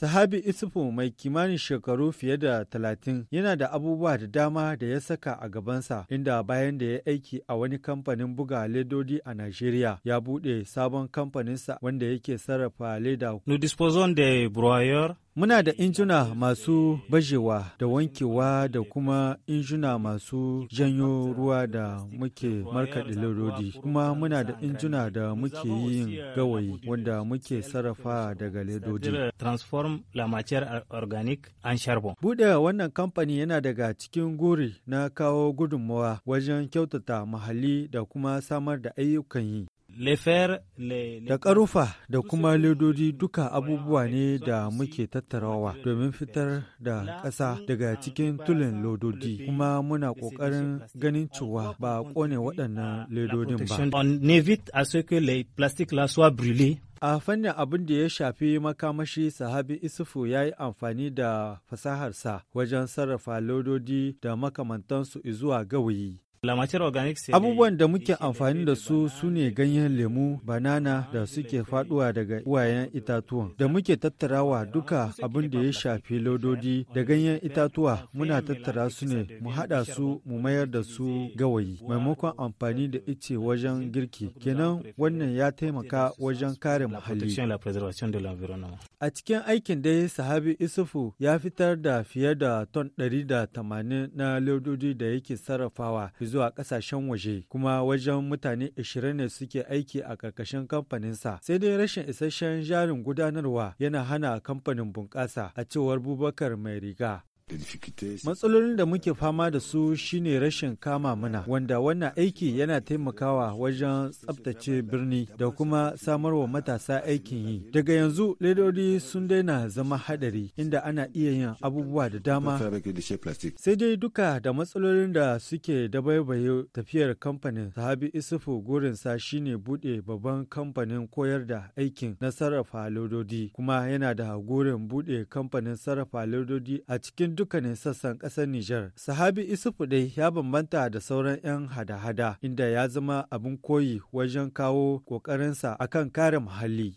Sahabi Isufu mai kimanin shekaru fiye da talatin yana da abubuwa da dama da ya saka a gabansa inda bayan da ya aiki a wani kamfanin buga ledodi a Najeriya ya buɗe sabon kamfaninsa wanda yake sarrafa leda. Nous disposons de Muna da injuna masu bajewa da wankewa da kuma injuna masu janyo ruwa da muke markaɗe lurodi. Kuma muna da injuna da muke yin gawayi wanda muke sarrafa daga ledodi. Transform la matière organique en charbon. Bude wannan kamfani yana daga cikin guri na kawo gudunmawa wajen kyautata muhalli da kuma samar da ayyukan yi. Da ƙarufa da kuma ledodi duka abubuwa ne da muke tattarawa domin fitar da ƙasa daga cikin tulin lododi kuma muna ƙoƙarin ganin cewa ba ƙone waɗannan ledodin ba. A fannin abin da ya shafi makamashi sahabi Isufu ya yi amfani da fasaharsa wajen sarrafa lododi da makamantansu zuwa gawayi Abubuwan da muke amfani da su su ne ganyen lemu, banana da suke faduwa daga uwayen itatuwan. Da muke tattarawa duka abin da ya shafi lododi da ganyen itatuwa muna tattara su ne mu haɗa su mu mayar da su gawayi maimakon amfani da ice wajen girki. Kenan wannan ya taimaka wajen kare muhalli. A cikin aikin dai sahabi Isufu ya fitar da fiye da ton 180 na lododi da yake sarrafawa. zuwa ƙasashen waje kuma wajen mutane 20 ne suke aiki a ƙarƙashin kamfaninsa sai dai rashin isasshen jarin gudanarwa yana hana kamfanin bunƙasa a cewar bubakar mai riga Matsalolin da muke fama da su shine rashin kama muna, wanda wannan aiki yana taimakawa wajen tsabtace birni da kuma samarwa matasa aikin yi. Daga yanzu ledodi sun daina zama hadari inda ana iya yin abubuwa da dama. Sai dai duka da matsalolin da suke dabaibaye tafiyar kamfanin Sahabi Isufu gurinsa shine bude babban kamfanin koyar da aikin na sarrafa ledodi kuma yana da gurin bude kamfanin sarrafa ledodi a cikin duk dukkanin sassan ƙasar Nijar. Sahabi Isufu dai ya bambanta da sauran 'yan hada-hada inda ya zama abin koyi wajen kawo ƙoƙarinsa akan kare muhalli.